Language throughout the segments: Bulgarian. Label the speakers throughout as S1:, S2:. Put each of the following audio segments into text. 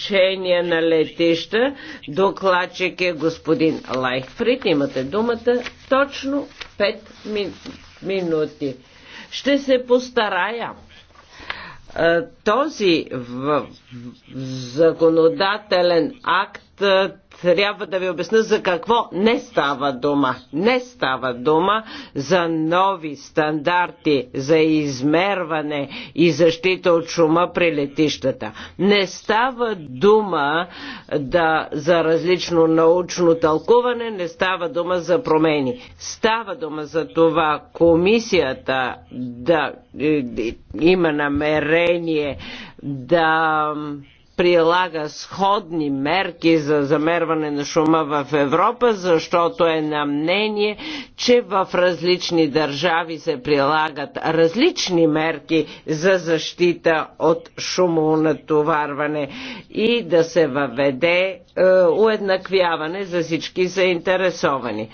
S1: обезпечение на летища. Докладчик е господин Лайхфрид. Имате думата точно 5 ми, минути. Ще се постарая този законодателен акт е, трябва да ви обясня за какво не става дума. Не става дума за нови стандарти за измерване и защита от шума при летищата. Не става дума да, за различно научно тълкуване, не става дума за промени. Става дума за това комисията да е, има намерение да прилага сходни мерки за замерване на шума в Европа, защото е на мнение, че в различни държави се прилагат различни мерки за защита от шумонатоварване и да се въведе е, уеднаквяване за всички заинтересовани.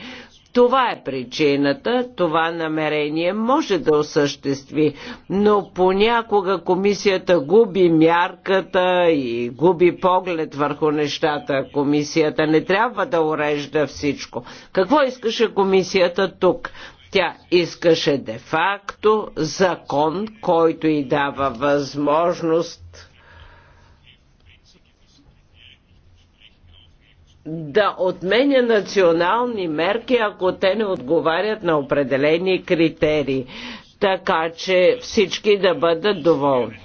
S1: Това е причината, това намерение може да осъществи, но понякога комисията губи мярката и губи поглед върху нещата. Комисията не трябва да урежда всичко. Какво искаше комисията тук? Тя искаше де-факто закон, който и дава възможност да отменя национални мерки, ако те не отговарят на определени критерии, така че всички да бъдат доволни.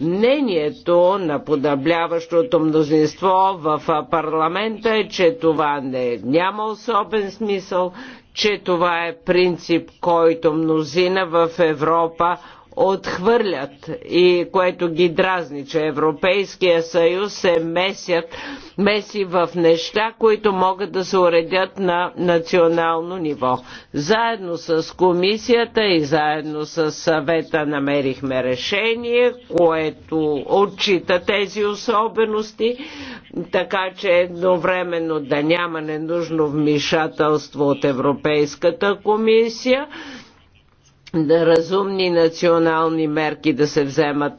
S1: Мнението на подобляващото мнозинство в парламента е, че това не, няма особен смисъл, че това е принцип, който мнозина в Европа отхвърлят и което ги дразни, че Европейския съюз се месят, меси в неща, които могат да се уредят на национално ниво. Заедно с комисията и заедно с съвета намерихме решение, което отчита тези особености, така че едновременно да няма ненужно вмешателство от Европейската комисия, разумни национални мерки да се вземат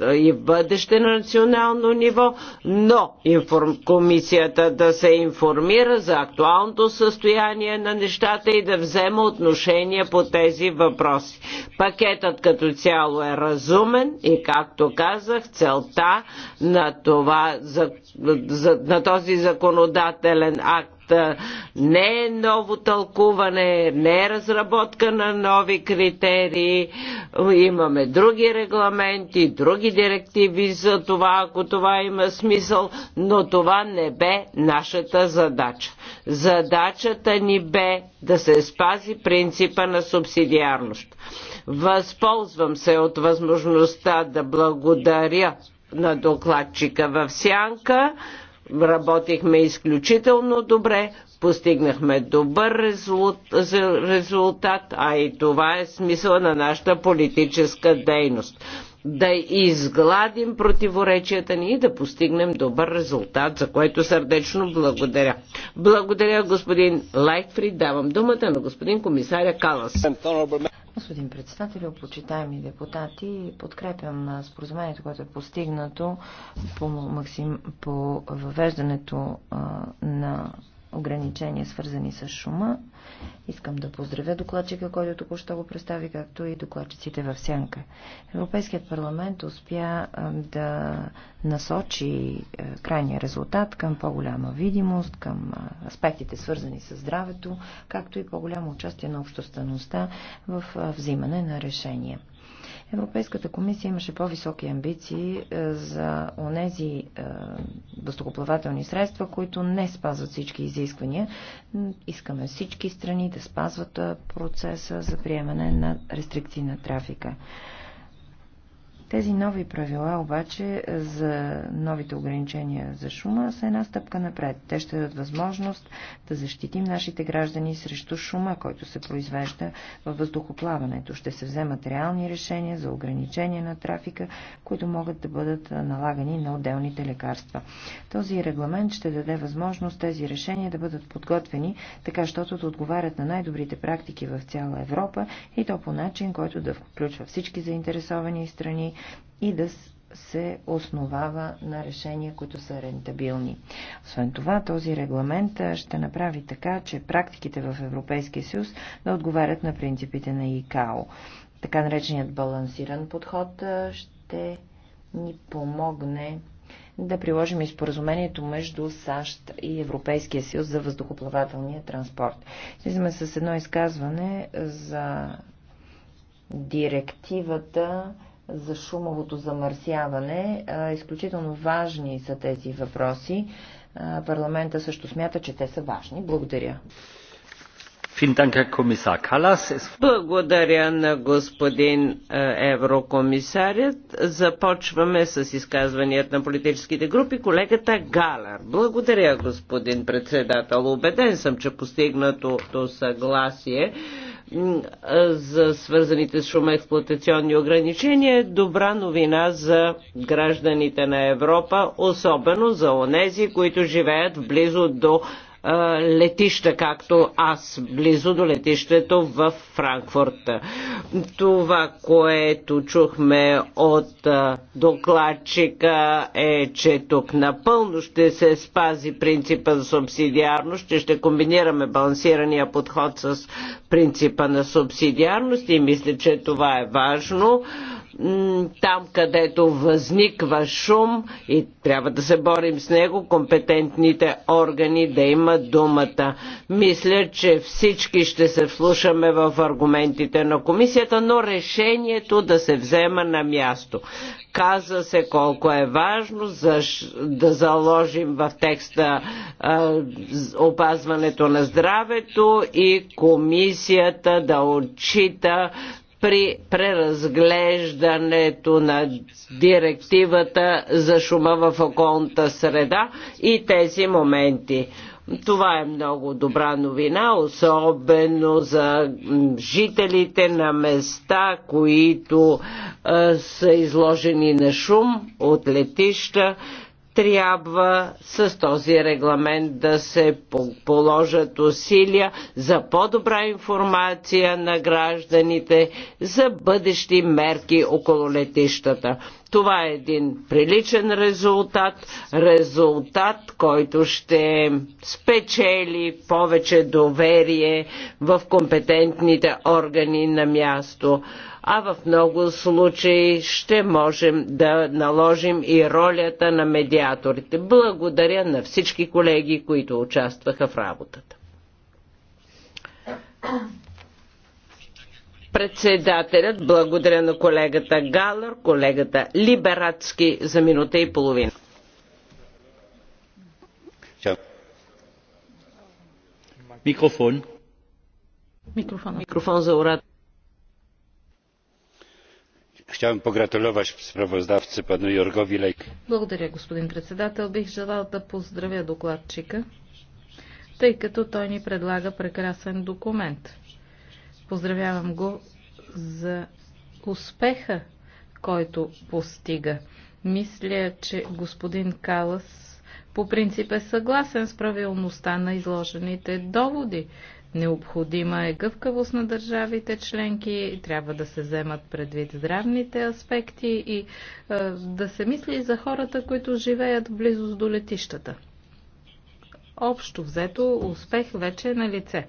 S1: и в бъдеще на национално ниво, но информ... комисията да се информира за актуалното състояние на нещата и да взема отношение по тези въпроси. Пакетът като цяло е разумен и, както казах, целта на, това, за, за, на този законодателен акт не е ново тълкуване, не е разработка на нови критерии, имаме други регламенти, други директиви за това, ако това има смисъл, но това не бе нашата задача. Задачата ни бе да се спази принципа на субсидиарност. Възползвам се от възможността да благодаря на докладчика в Сянка Работихме изключително добре, постигнахме добър резултат, а и това е смисъл на нашата политическа дейност да изгладим противоречията ни и да постигнем добър резултат, за което сърдечно благодаря. Благодаря господин Лайкфри, давам думата на господин комисаря Калас.
S2: Господин председател, почитаеми депутати, подкрепям споразумението, което е постигнато по, максим, по въвеждането а, на ограничения, свързани с шума. Искам да поздравя докладчика, който току-що го представи, както и докладчиците в Сянка. Европейският парламент успя да насочи крайния резултат към по-голяма видимост, към аспектите свързани с здравето, както и по-голямо участие на обществеността в взимане на решения. Европейската комисия имаше по-високи амбиции е, за онези е, въздухоплавателни средства, които не спазват всички изисквания. Искаме всички страни да спазват е, процеса за приемане на рестрикции на трафика. Тези нови правила обаче за новите ограничения за шума са една стъпка напред. Те ще дадат възможност да защитим нашите граждани срещу шума, който се произвежда във въздухоплаването. Ще се вземат реални решения за ограничение на трафика, които могат да бъдат налагани на отделните лекарства. Този регламент ще даде възможност тези решения да бъдат подготвени, така щото да отговарят на най-добрите практики в цяла Европа и то по начин, който да включва всички заинтересовани страни, и да се основава на решения, които са рентабилни. Освен това, този регламент ще направи така, че практиките в Европейския съюз да отговарят на принципите на ИКАО. Така нареченият балансиран подход ще ни помогне да приложим и споразумението между САЩ и Европейския съюз за въздухоплавателния транспорт. Слизаме с едно изказване за директивата за шумовото замърсяване. Изключително важни са тези въпроси. Парламента също смята, че те са важни. Благодаря.
S1: Благодаря на господин еврокомисарят. Започваме с изказванията на политическите групи. Колегата Галар. Благодаря, господин председател. Обеден съм, че постигнато съгласие за свързаните с шума експлуатационни ограничения е добра новина за гражданите на Европа, особено за онези, които живеят близо до летища, както аз, близо до летището в Франкфурт. Това, което чухме от докладчика е, че тук напълно ще се спази принципа за субсидиарност, че ще комбинираме балансирания подход с принципа на субсидиарност и мисля, че това е важно там, където възниква шум и трябва да се борим с него, компетентните органи да имат думата. Мисля, че всички ще се вслушаме в аргументите на комисията, но решението да се взема на място. Каза се колко е важно за да заложим в текста опазването на здравето и комисията да отчита при преразглеждането на директивата за шума в околната среда и тези моменти. Това е много добра новина, особено за жителите на места, които а, са изложени на шум от летища трябва с този регламент да се положат усилия за по-добра информация на гражданите за бъдещи мерки около летищата. Това е един приличен резултат, резултат, който ще спечели повече доверие в компетентните органи на място а в много случаи ще можем да наложим и ролята на медиаторите. Благодаря на всички колеги, които участваха в работата. Председателят благодаря на колегата Галър, колегата Либератски за минута и половина.
S3: Микрофон. Микрофон, Микрофон за урата. Chciałem pogratulować sprawozdawcy panu Jorgowi Благодаря, господин председател. Бих желал да поздравя докладчика, тъй като той ни предлага прекрасен документ. Поздравявам го за успеха, който постига. Мисля, че господин Калас по принцип е съгласен с правилността на изложените доводи. Необходима е гъвкавост на държавите членки, трябва да се вземат предвид здравните аспекти и е, да се мисли за хората, които живеят близо до летищата. Общо взето, успех вече е на лице.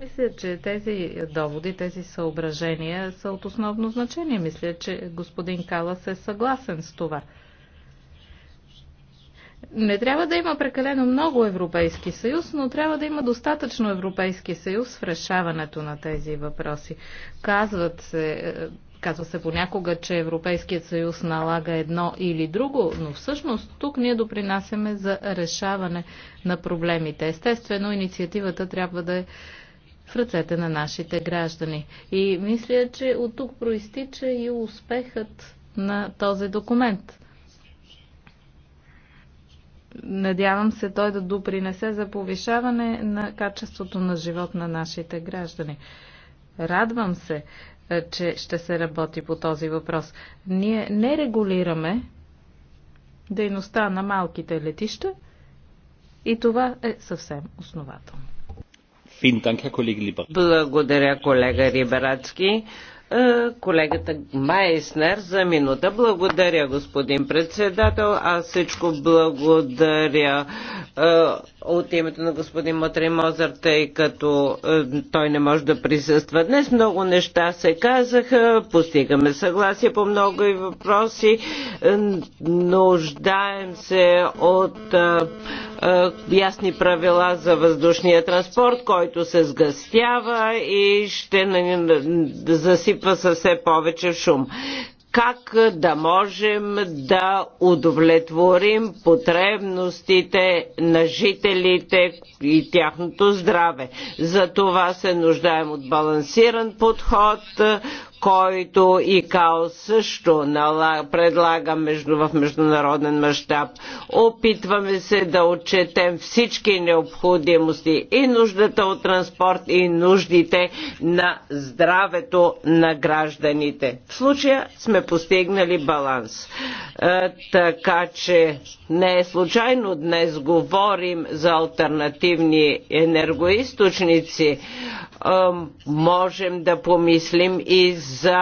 S3: Мисля, че тези доводи, тези съображения са от основно значение. Мисля, че господин Калас е съгласен с това не трябва да има прекалено много Европейски съюз, но трябва да има достатъчно Европейски съюз в решаването на тези въпроси. Казват се, е, казва се понякога, че Европейският съюз налага едно или друго, но всъщност тук ние допринасяме за решаване на проблемите. Естествено, инициативата трябва да е в ръцете на нашите граждани. И мисля, че от тук проистича и успехът на този документ. Надявам се той да допринесе за повишаване на качеството на живот на нашите граждани. Радвам се, е, че ще се работи по този въпрос. Ние не регулираме дейността на малките летища и това е съвсем основателно.
S1: Благодаря, колега Рибарацки. Е, колегата Майснер за минута. Благодаря, господин председател. Аз всичко благодаря е, от името на господин Матри Мозър, тъй като е, той не може да присъства днес. Много неща се казаха, постигаме съгласие по много и въпроси. Е, нуждаем се от е, е, ясни правила за въздушния транспорт, който се сгъстява и ще засипва със все повече шум как да можем да удовлетворим потребностите на жителите и тяхното здраве. За това се нуждаем от балансиран подход, който ИКАО също предлага между, в международен мащаб. Опитваме се да отчетем всички необходимости и нуждата от транспорт и нуждите на здравето на гражданите. В случая сме постигнали баланс. Е, така че не е случайно днес говорим за альтернативни енергоисточници можем да помислим и за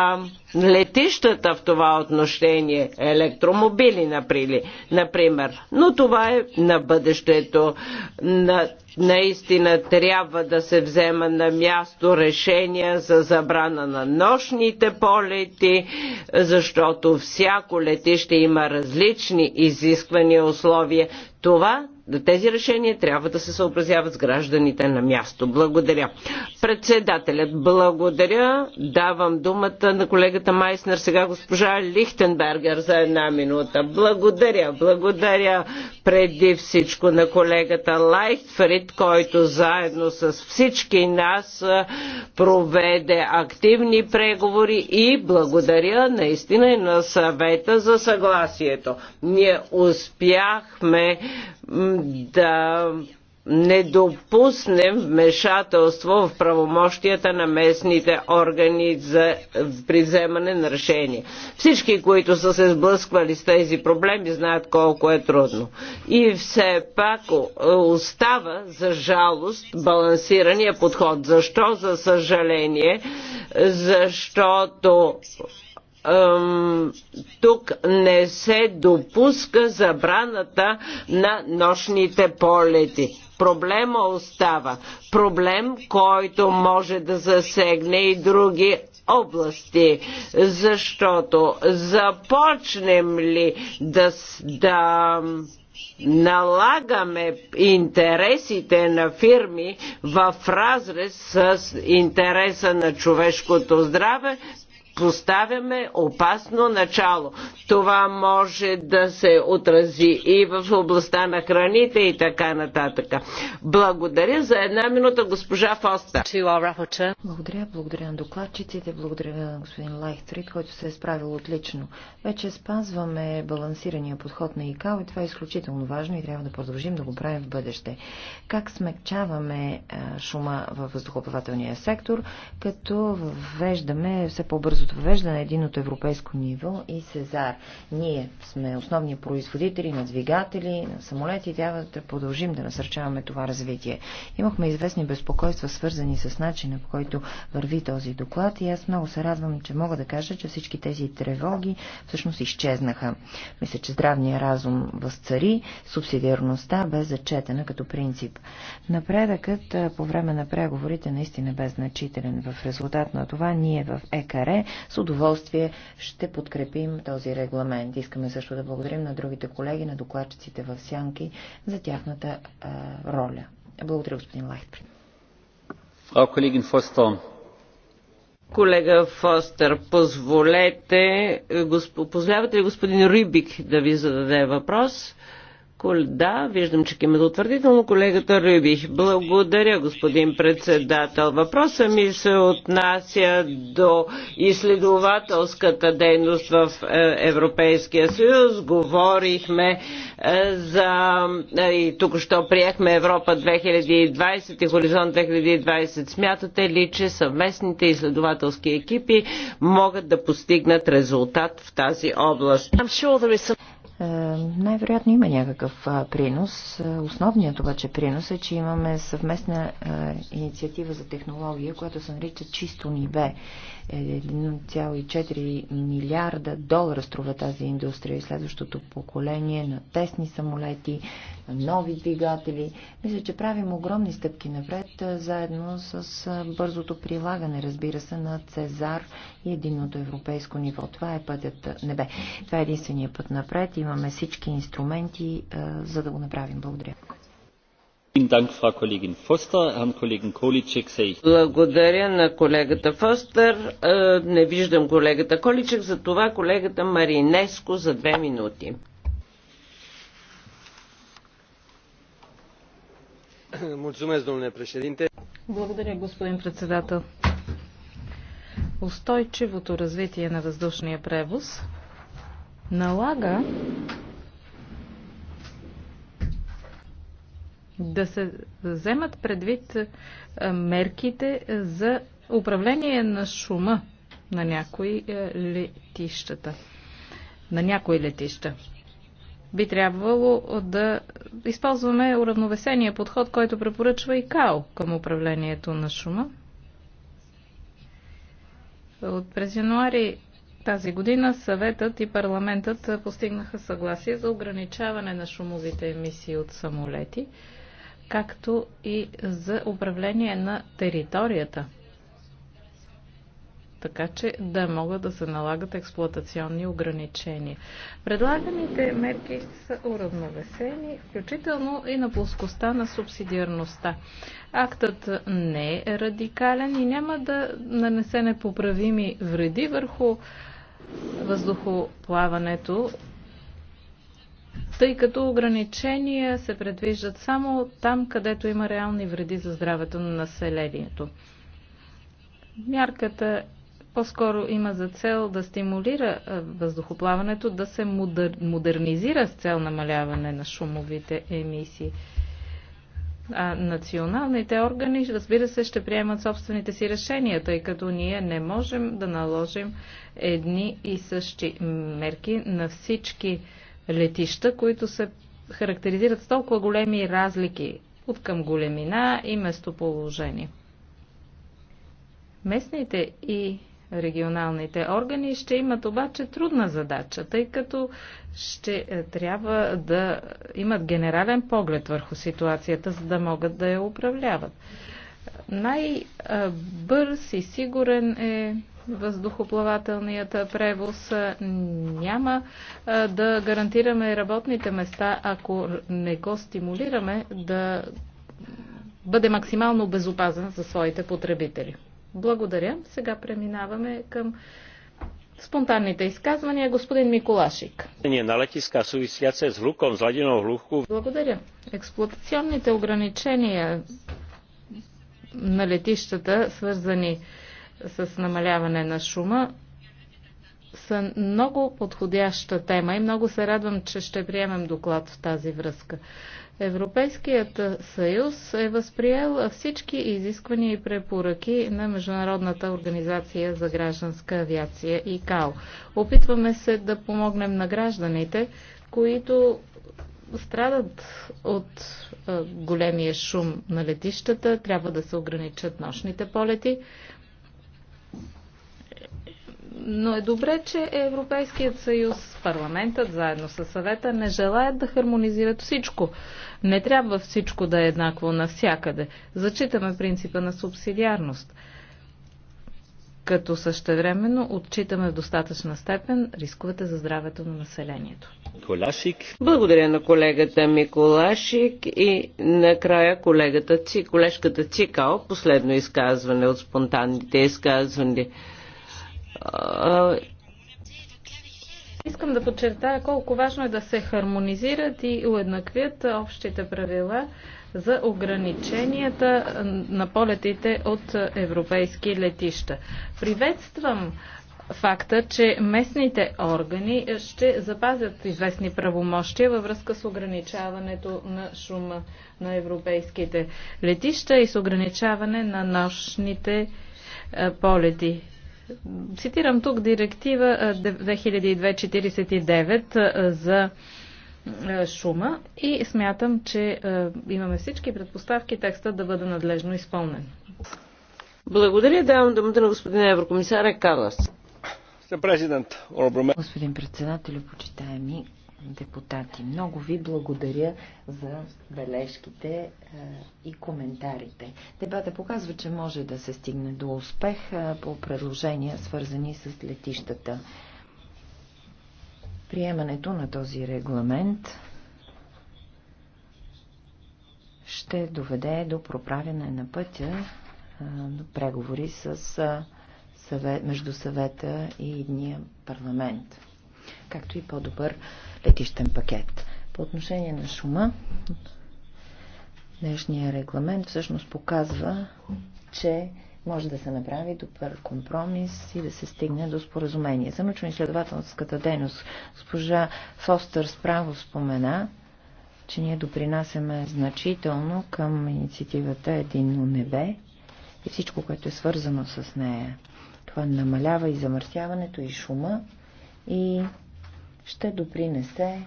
S1: летищата в това отношение, електромобили, например. Но това е на бъдещето. На, наистина трябва да се взема на място решение за забрана на нощните полети, защото всяко летище има различни изисквания условия. Това тези решения трябва да се съобразяват с гражданите на място. Благодаря. Председателят, благодаря. Давам думата на колегата Майснер, сега госпожа Лихтенбергер за една минута. Благодаря, благодаря преди всичко на колегата Лайтфрид, който заедно с всички нас проведе активни преговори и благодаря наистина и на съвета за съгласието. Ние успяхме да не допуснем вмешателство в правомощията на местните органи за приземане на решение. Всички, които са се сблъсквали с тези проблеми, знаят колко е трудно. И все пак остава, за жалост, балансирания подход. Защо? За съжаление, защото тук не се допуска забраната на нощните полети. Проблема остава. Проблем, който може да засегне и други области, защото започнем ли да, да налагаме интересите на фирми в разрез с интереса на човешкото здраве, поставяме опасно начало. Това може да се отрази и в областта на храните и така нататък. Благодаря за една минута госпожа Фоста.
S2: Благодаря, благодаря на докладчиците, благодаря на господин Лайхтрид, който се е справил отлично. Вече спазваме балансирания подход на ИКАО и това е изключително важно и трябва да продължим да го правим в бъдеще. Как смекчаваме шума във въздухоплавателния сектор, като въвеждаме все по-бързо от въвеждане на от европейско ниво и Сезар. Ние сме основни производители на двигатели, на самолети и трябва да продължим да насърчаваме това развитие. Имахме известни безпокойства, свързани с начина, по който върви този доклад и аз много се радвам, че мога да кажа, че всички тези тревоги всъщност изчезнаха. Мисля, че здравният разум възцари, субсидиарността бе зачетена като принцип. Напредъкът по време на преговорите наистина бе значителен. В резултат на това ние в ЕКАРЕ с удоволствие ще подкрепим този регламент. Искаме също да благодарим на другите колеги, на докладчиците в Сянки за тяхната а, роля. Благодаря, господин Лайтпри.
S1: Фрау колегин Фостон, Колега Фостер, позволете, госп... позволявате ли господин Рибик да ви зададе въпрос? Да, виждам, че кимето утвърдително колегата Рибих, Благодаря, господин председател. Въпросът ми се отнася до изследователската дейност в е, Европейския съюз. Говорихме е, за... Е, и тук що приехме Европа 2020 и Хоризонт 2020. Смятате ли, че съвместните изследователски екипи могат да постигнат резултат в тази област?
S2: Е, най-вероятно има някакъв принос. Е, основният обаче принос е, че имаме съвместна е, инициатива за технология, която се нарича Чисто ниве. 1,4 милиарда долара струва тази индустрия и следващото поколение на тесни самолети, нови двигатели. Мисля, че правим огромни стъпки напред, заедно с бързото прилагане, разбира се, на Цезар и единното европейско ниво. Това е пътят небе. Това е единствения път напред. Имаме всички инструменти, за да го направим. Благодаря.
S1: Благодаря на колегата Фостер. Не виждам колегата Количек, за това колегата Маринеско за две минути.
S3: Благодаря, господин председател. Устойчивото развитие на въздушния превоз налага да се вземат предвид е, мерките за управление на шума на някои е, летищата. На някои летища. Би трябвало да използваме уравновесения подход, който препоръчва и КАО към управлението на шума. От през януари тази година съветът и парламентът постигнаха съгласие за ограничаване на шумовите емисии от самолети, както и за управление на територията – така че да могат да се налагат експлуатационни ограничения. Предлаганите мерки са уравновесени, включително и на плоскостта на субсидиарността. Актът не е радикален и няма да нанесе непоправими вреди върху въздухоплаването тъй като ограничения се предвиждат само там, където има реални вреди за здравето на населението. Мярката по-скоро има за цел да стимулира въздухоплаването да се модер... модернизира с цел намаляване на шумовите емисии. А националните органи, разбира се, ще приемат собствените си решения, тъй като ние не можем да наложим едни и същи мерки на всички летища, които се характеризират с толкова големи разлики от към големина и местоположение. Местните и регионалните органи ще имат обаче трудна задача, тъй като ще е, трябва да имат генерален поглед върху ситуацията, за да могат да я управляват. Най-бърз и сигурен е въздухоплавателният превоз. Няма е, да гарантираме работните места, ако не го стимулираме да бъде максимално безопазен за своите потребители. Благодаря. Сега преминаваме към спонтанните изказвания. Господин Миколашик.
S1: Е, на летиска с с
S3: Благодаря. Експлуатационните ограничения на летищата, свързани с намаляване на шума, са много подходяща тема и много се радвам, че ще приемем доклад в тази връзка. Европейският съюз е възприел всички изисквания и препоръки на Международната организация за гражданска авиация и КАО. Опитваме се да помогнем на гражданите, които страдат от големия шум на летищата, трябва да се ограничат нощните полети но е добре, че Европейският съюз, парламентът, заедно с съвета, не желаят да хармонизират всичко. Не трябва всичко да е еднакво навсякъде. Зачитаме принципа на субсидиарност. Като същевременно отчитаме в достатъчна степен рисковете за здравето на населението.
S1: Колашик. Благодаря на колегата Миколашик и накрая колегата Ци, колежката Цикал, последно изказване от спонтанните изказвания.
S3: Искам да подчертая колко важно е да се хармонизират и уеднаквят общите правила за ограниченията на полетите от европейски летища. Приветствам факта, че местните органи ще запазят известни правомощия във връзка с ограничаването на шума на европейските летища и с ограничаване на нощните е, полети. Цитирам тук директива 2249 за шума и смятам, че имаме всички предпоставки текста да бъде надлежно изпълнен.
S1: Благодаря. Давам думата на господин Еврокомисар
S2: Карлас. Господин председател, почитаеми депутати. Много ви благодаря за бележките е, и коментарите. Дебата показва, че може да се стигне до успех е, по предложения, свързани с летищата. Приемането на този регламент ще доведе до проправяне на пътя е, до преговори с съвет, между съвета и едния парламент както и по-добър летищен пакет. По отношение на шума, днешния регламент всъщност показва, че може да се направи добър компромис и да се стигне до споразумение. За научно-изследователската дейност госпожа Фостър справо спомена, че ние допринасяме значително към инициативата Единно небе и всичко, което е свързано с нея. Това намалява и замърсяването, и шума, и ще допринесе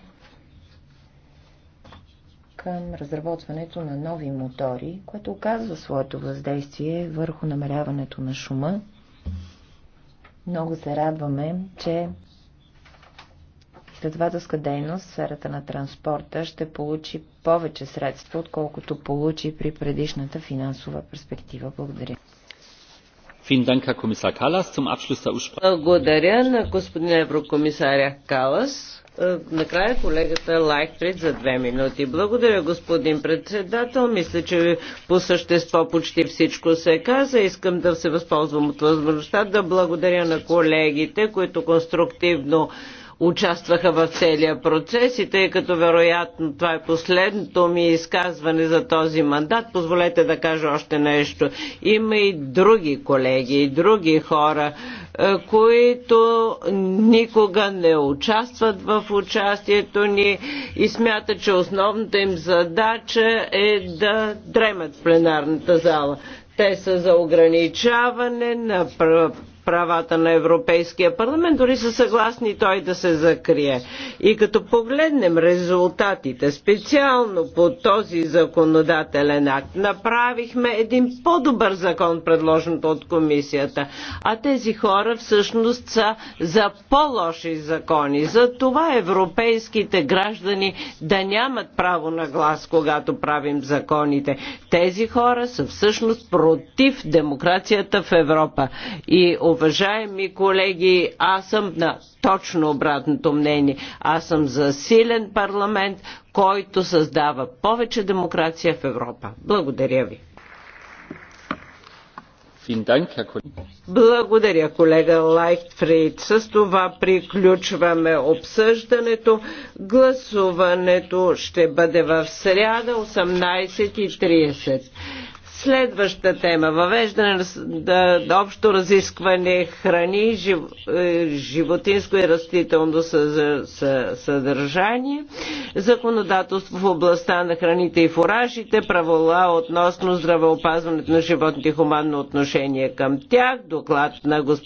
S2: към разработването на нови мотори, което оказва своето въздействие върху намаляването на шума. Много се радваме, че изследователска дейност в сферата на транспорта ще получи повече средства, отколкото получи при предишната финансова перспектива. Благодаря.
S1: Благодаря на господин Еврокомисаря Калас. Е, накрая колегата Лайкфрид за две минути. Благодаря, господин председател. Мисля, че по същество почти всичко се каза. Искам да се възползвам от възможността да благодаря на колегите, които конструктивно участваха в целия процес и тъй като вероятно това е последното ми изказване за този мандат, позволете да кажа още нещо. Има и други колеги, и други хора, е, които никога не участват в участието ни и смятат, че основната им задача е да дремат в пленарната зала. Те са за ограничаване на правата на Европейския парламент, дори са съгласни той да се закрие. И като погледнем резултатите, специално по този законодателен акт, направихме един по-добър закон, предложен от комисията. А тези хора всъщност са за по-лоши закони. За това европейските граждани да нямат право на глас, когато правим законите. Тези хора са всъщност против демокрацията в Европа. И Уважаеми колеги, аз съм на точно обратното мнение. Аз съм за силен парламент, който създава повече демокрация в Европа. Благодаря ви. Благодаря, колега Лайхтфрид. С това приключваме обсъждането. Гласуването ще бъде в среда 18.30. Следваща тема. Въвеждане на да, общо разискване храни, жив, е, животинско и растително съдържание, законодателство в областта на храните и фуражите, правила относно здравеопазването на животните и хуманно отношение към тях, доклад на господин